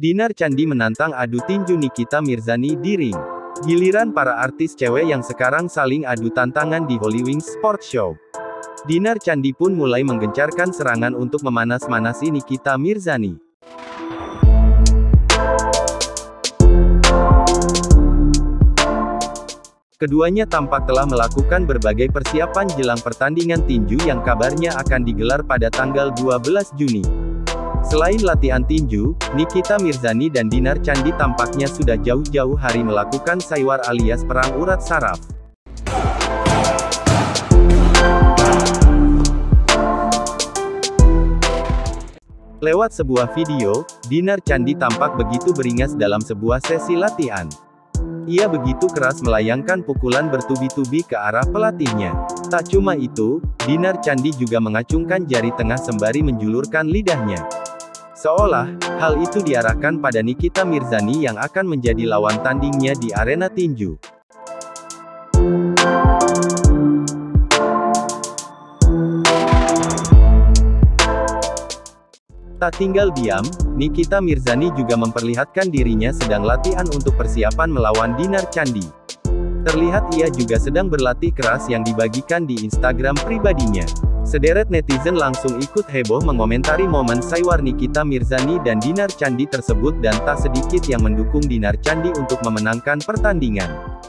Dinar Candi menantang adu tinju Nikita Mirzani di ring. Giliran para artis cewek yang sekarang saling adu tantangan di Holy Wings Sports Show. Dinar Candi pun mulai menggencarkan serangan untuk memanas-manasi Nikita Mirzani. Keduanya tampak telah melakukan berbagai persiapan jelang pertandingan tinju yang kabarnya akan digelar pada tanggal 12 Juni. Selain latihan tinju, Nikita Mirzani dan Dinar Candi tampaknya sudah jauh-jauh hari melakukan saywar alias perang urat saraf. Lewat sebuah video, Dinar Candi tampak begitu beringas dalam sebuah sesi latihan. Ia begitu keras melayangkan pukulan bertubi-tubi ke arah pelatihnya. Tak cuma itu, Dinar Candi juga mengacungkan jari tengah sembari menjulurkan lidahnya. Seolah, hal itu diarahkan pada Nikita Mirzani yang akan menjadi lawan tandingnya di arena tinju. Tak tinggal diam, Nikita Mirzani juga memperlihatkan dirinya sedang latihan untuk persiapan melawan Dinar Candi. Terlihat ia juga sedang berlatih keras yang dibagikan di Instagram pribadinya. Sederet netizen langsung ikut heboh mengomentari momen Saiwar Nikita Mirzani dan Dinar Candi tersebut dan tak sedikit yang mendukung Dinar Candi untuk memenangkan pertandingan.